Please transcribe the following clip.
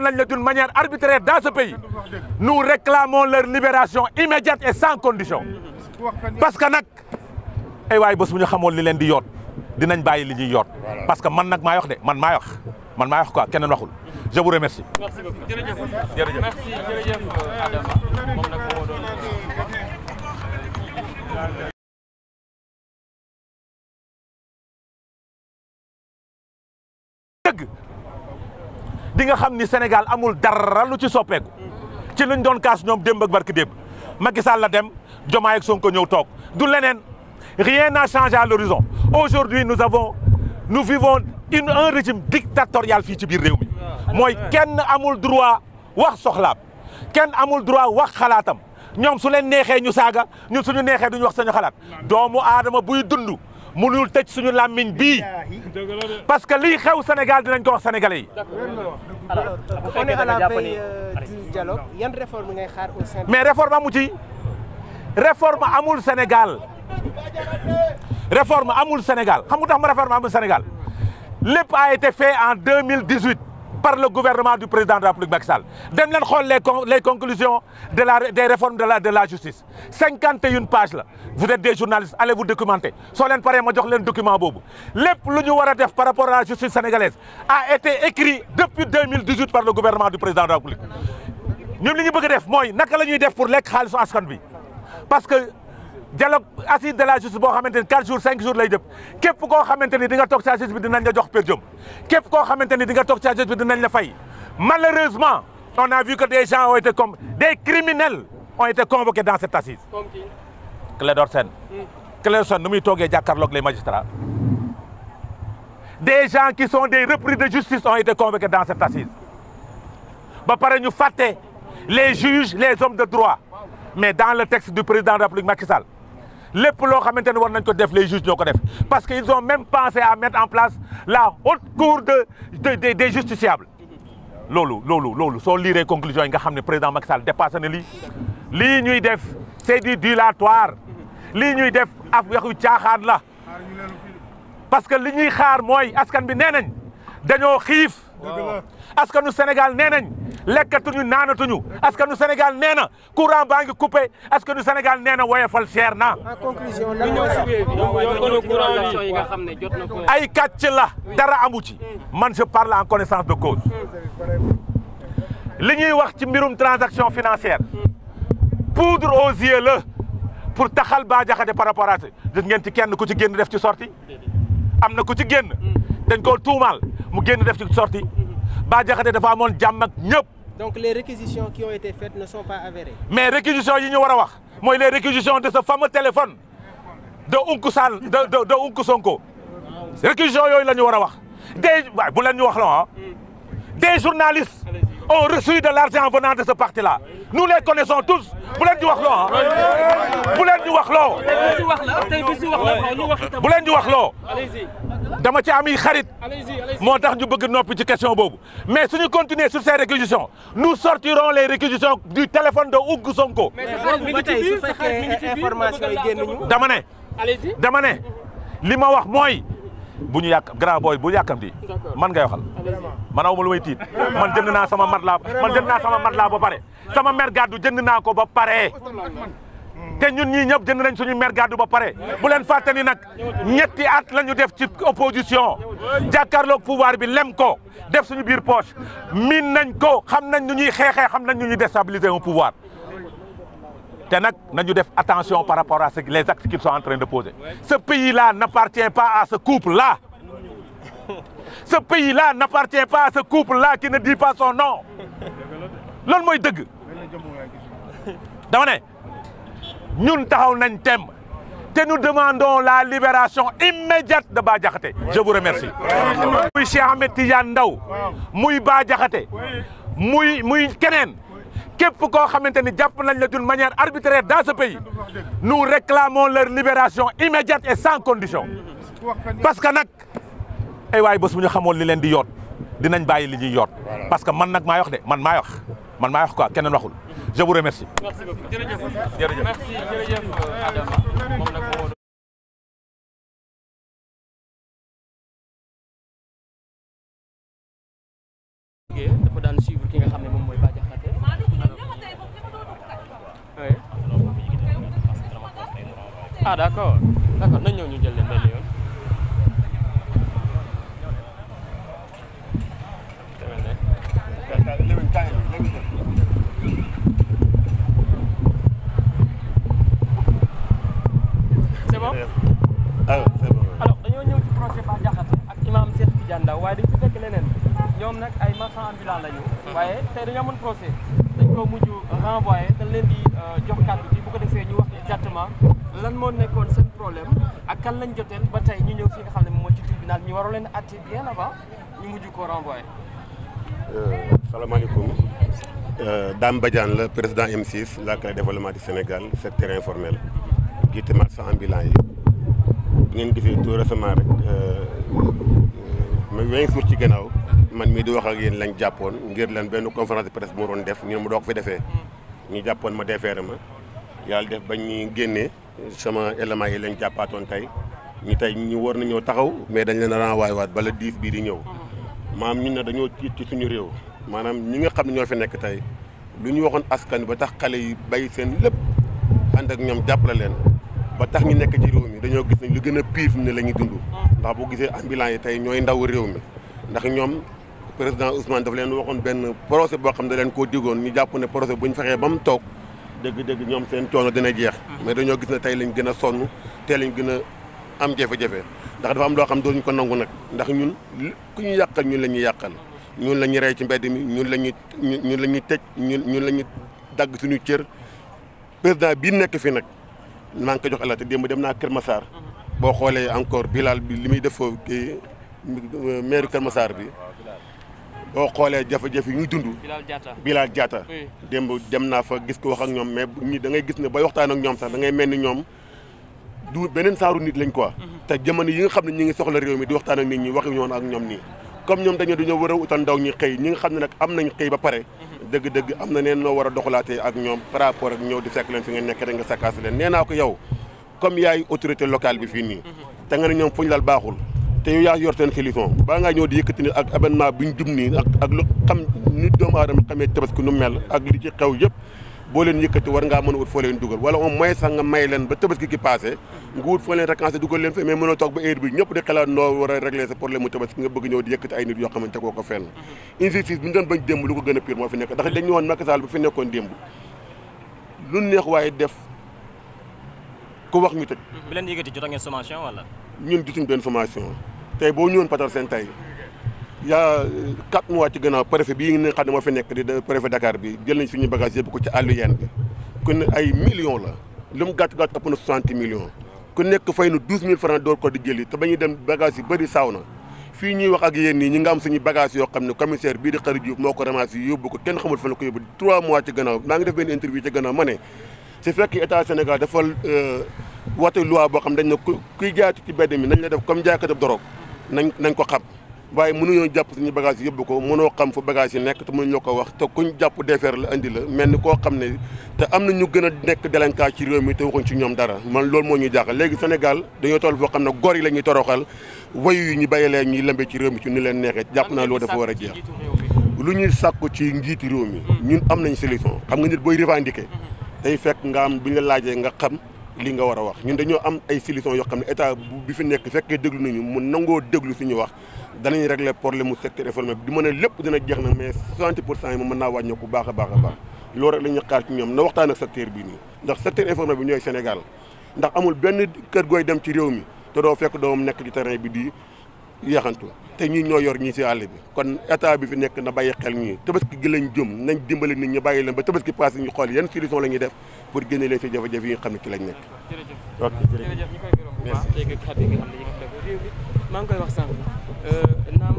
nañ d'une manière arbitraire dans ce pays nous réclamons leur libération immédiate et sans condition parce que nag ay waay bés bu ñu xamoon li leen di yoot dinañ bàyyi li ñuy yoot parce que man nag maa wax de man maa wax man maa wax quoi keneen waxul je vous merci di nga xam ni Sénégal amul dara lu ci soppeeku ci luñ doon kaas ñoom démb ak barki démb Macky Sall la dem Diomaye ak Sonko ñëw toog du leneen rien n'a changé à l'horizon aujourd'hui nous avons nous vivons une un régime dictatorial fii ci biir réew mi mooy kenn amul droit wax soxlaam kenn amul droit wax xalaatam ñoom su leen neexee ñu saaga ñun suñu neexee duñu wax sañu xalaat doomu aadama buy dundu mu mënul tëj suñu làmmiñ bii parce que lii xew Sénégal dinañ ko wax sénégalais yi. on est à euh, ngay xaar au mais réforme amu ci réforme amul Sénégal réforme amul Sénégal xam tax ma réforme amul Sénégal lépp a été fait en deux mille dix-huit par le gouvernement du président de la République Macky Sall dem les conclusions de la des réformes de la justice cinquante la vous êtes des journalistes allez vous documenter soo leen ma jox document boobu lépp lu ñu war def par rapport à la justice sénégalaise a été écrit depuis par le gouvernement du président de la République ñoom li ñu bëgg def mooy naka la ñuy def pour lekk xaalisu askan bi dialogue assise de la justice boo xamante ni 4 jours 5 jours lay jëm képp koo xamante ni di nga toog ci justice bi dinañ la jox per diem képp koo xamante ni di nga toog ci justice bi dinañ la fay malheureusement on a vu que des gens ont été comme des criminels ont été convoqués dans cette assise. comme qui Clédor Sène. Hmm. Clédor les magistrats des gens qui son des repris de justice ont été convoqués dans cette assise ba pare ñu fàtte les juges les hommes de droit mais dans le texte du président de la République Macky lépp loo xamante ne war nañ ko def les juges ñoo ko parce que ils ont même pensé à mettre en place la haute cour de de loolu loolu loolu soo liiree conclusion yi nga xam ne président Macky Sall dépassé na lii lii ñuy def c'est du dilatoire lii ñuy def af yaxu caaxaan la parce que li ñuy xaar mooy askan bi nee nañ dañoo xiif askanu Sénégal nee nañ lekkatuñu naanatuñu askanu Sénégal nee na courant baa ngi coupé askanu Sénégal nee na woyofal cher na. en conclusion lan ay kàcc la dara amu ci man je parle en connaissance de cause li ñuy wax ci mbirum transaction financière poudre aux yeux la pour taxal Bah par rapport à gis ngeen ci kenn ku ci génn def ci sorti am na ku ci génn dañ koo tuumaal mu génn def ci sorti Bah Diakhaté dafa amoon jàmm ak ñëpp. donc les réquisitions qui ont été faites ne sont pas avérées. mais réquisitions yi ñu war a wax mooy les réquisitions de ce fameux téléphone de Ounkou Sall de de de Ounkou Sonko réquisitions yooyu la ñu war a wax des waaye bu ñu wax loo ah des journalistes ont reçu de l'argent venant de ce parti là nous les connaissons tous bu leen wax loo ah bu leen ñu wax loo. wax loo. dama ci am yi xarit moo tax ñu bëgg noppi ci question boobu mais suñu si continuer sur ces réquisitions nous sortirons les réquisitions du téléphone de Oug Sonko. dama ne. dama ne li ma wax mooy. bu ñu yàq grand boy bu yàkkamti man ngay waxal man ma lu may tiit man jënd naa sama matelas man jënd naa sama laa ba pare sama mer gàddu jënd naa ko ba pare. te ñun ñii ñëpp jënd nañ suñu maire gàddu ba pare bu leen fàtte ni nag ñetti at la ñu def ci opposition jàkkaarloog pouvoir bi lem ko def suñu biir poche miin nañ ko xam nañ nu ñuy xeexee xam nañ nu ñuy déstabiliser un pouvoir te nag nañu def attention par rapport à ce les actes qu'ils sont de poser ce pays là n'appartient pas à ce couple là ce pays là n'appartient pas à ce couple là qui ne dit pas son nom loolu mooy dëgg ñun taxaw nañ tem te nous demandons la libération immédiate de Bah Diakhaté je vous remercie muy Cheikh Ahmed Tidiane Ndaw muy Bah Diakhaté muy muy keneen képp koo xamante ni jàpp nañ la d'une manière arbitraire dans ce pays nu réclamons leur libération immédiate et sans condition parce que nag waay bos bu ñu xamoon li leen di yoot dinañ bàyyi li ñuy yoot parce que man nag maa yox de man maa wax man maa wax quoi keneen waxul je vous remercie. merci beaucoup jërëjëf jërëjëf merci jërëjëf Adama moom nag moo dafa daan suivre ki nga xam ne moom mooy Bah Diakhaté ah d'accord d'accord nañ ñëw ñu jël leen bon ah, alors dañoo ñëw ci projet Bah Diakhaté ak imam Cheikh Tidiane Ndao waaye dañ ci fekk leneen ñoom nag ay marchand ambulant lañu hmm. waaye tey dañoo amoon procès dañ mujj renvoyé dañ leen di euh, jox kàddu bi bu defee ñu wax exactement lan moo nekkoon seen problème ak kan lañ joteel ba tey ñu ñëw fi nga xam ne mooy ci tribunal ñu waroon leen atte bien avant ñu mujj koo renvoyé euh, salaamaaleykum euh, Dame Badiane la président M6 la Clé développement Sénégal secteur jiite marchand ambulant yi bu ngeen gisee tout récemment rek euh, ma vingt jours ci gannaaw man mii di wax ak yéen lañ jàppoon ngir lan benn conférence de presse mu doon def ñu ne mu doo ko fi defee ñu jàppoon ma defeere ma yàlla def bañ ñu génnee sama éléments yi lañ jàppaatoon tey ñu tey ñu war na ñoo taxaw mais dañ leen a renvoyé waat bala diif bii di ñëw maam ñu ne dañoo tiit ci suñu réew maanaam ñi nga xam ne ñoo fi nekk tey lu ñu waxoon askan ba tax xale yi bàyyi seen lépp ànd ak ñoom jàppale leen ba tax ñu nekk ci réew mi dañoo gis ne lu gën a pire ne la ñuy dund ndax boo gisee ambulants yi tey ñooy ndaw réew mi ndax ñoom président Ousmane daf leen waxoon benn projet boo xam ne da leen koo digoon ñu jàpp ne projet bu ñu fexee ba mu toog dëgg-dëgg ñoom seen coono dina jeex mais dañoo gis ne tey lañ gën a sonn tey lañ gën a am jeefe jafe ndax dafa am loo xam dooñu ko nangu nag ndax ñun ku ñu yàqal ñun la ñuy yàqal ñun la ñuy rey ci mbedd mi ñun la ñuy ñun la ñuy tëj ñun ñun la ñuy dagg suñu cër président bii nekk fi nag maa ngi ko jox àll te démb dem naa Kër Massar. boo xoolee encore bilal bi li muy def foofu kii euh, maire Kër saar bi boo xoolee jafe-jafe yi ñuy dund. bilal Diatta bilal Diatta. démb dem naa fa gis ko wax ak ñoom mais ñi da ngay gis ne bay waxtaan ak ñoom sax da ngay mel ni ñoom du beneen saaru nit lañ quoi. Mhm. te jamono yi nga xam ne ñu ngi soxla réew mi di waxtaan ak ñi waxi ñoon ak ñoom nii. comme ñoom dañoo dañoo war a utal ndaw ñi xëy ñi nga xam ne nag am nañ xay ba pare. Mhm. dëgg-dëgg am na neen noo war a doxalaatee ak ñoom par rapport ak ñëw di fekk leen fi nga nekk rek nga sakkaas leen nee naa ko yow comme yaay autorité locale bi fii nii. te ne ñoom fuñ laal baaxul. te yow yaa yor seen xilifon baa ngaa ñëw di yëkkati ak événement bi nii ak ak lu xam nit doomu aadama xamee nu mel ak li ci xew boo leen yëkkati war ngaa mën a wut foo leen dugal wala au moins sax nga may leen ba tabaski gi passé nga wut foo leen récensé dugal leen fa mais mënoo toog ba heure bi ñëpp di xalaat noo war a régler sa problème mu tabaski nga bëgg ñëw di yëkkati ay nit yoo xamante koo ko mhm. ko gën a pire moo fi nekk ndax dañu lu neex waaye def ko wax ñu tëj mhm. bi leen yëkkati jot ngeen sommation wala ñun jotuñ benn sommation tey boo ñëwoon patal seen tey y' a quatre mois ci gannaaw préfet bii nga xam ne moo fi nekk di préfet Dakar bi jël nañ suñu bagage yëpp ko ci àllu yeen bi kon la lu mu gàtt gàtt ëpp na soixante millions nekk fay na douze mille francs door ko di jëli te ba ñuy dem bagage yi bëri saaw na fii ñuy wax ak yéen nii ñi nga am suñu bagage yoo xam ne commissaire bii di xarit moo ko ramassé yóbbu ko kenn xamul fan la ko yóbbu trois mois ci gannaaw maa ngi def benn interview ci gannaaw ma ne su fekkee état Sénégal dafa euh, wate loi boo xam dañ mi nañ la def comme jaaykat doroog nañ nañ ko xam waaye mënuñoo jàpp ñu bagage yóbbu ko mënoo xam fu bagage yi nekk te mënuñu ko wax te kuñ jàpp defeer la indi la mel ni koo xam ne te am na ñu gën a nekk délinquant ci réew mi te waxuñ ci ñoom dara man loolu moo ñuy jaaxal léegi Sénégal dañoo toll foo xam ne gor yi la ñuy toroxal wayu yi ñu bàyyi leen ñuy lëmbee ci réew mi ci ñu leen neexee jàpp naa loolu dafa war a jeex lu ñuy sàkku ci njiiti réew mi ñun am nañ solution xam nga nit booy revendiquer mm-hmm. day fekk nga am bi ñu laajee nga xam li nga war a wax ñun dañoo am ay solution yoo xam ne état bi fi nekk fekkee déglu nañu mu nangoo déglu ñu wax danañ régler problème mu secteur informel bi di mën a lépp dina jeex na mais 60 pour cent yi moom mën naa wàññeeku baax a baax a baax loolu rek la ci ñoom na waxtaan ak secteur bii nii ndax secteur informel bi ñooy Sénégal ndax amul benn kër gooy dem ci réew mi te doo fekk doomam nekk ci terrain bi di yaxantu te ñii ñoo yor ñii ci àll bi kon état bi fi nekk na bàyyi xel ñii tabaski gi lañ jëm nañ dimbali nit ñi bàyyi leen ba tabaski paase ñu xool yan solution la ñuy def pour génne leen ci jafe-jafe yi nga xam ne ci lañ nekk. maa ngi koy wax sànq euh, naam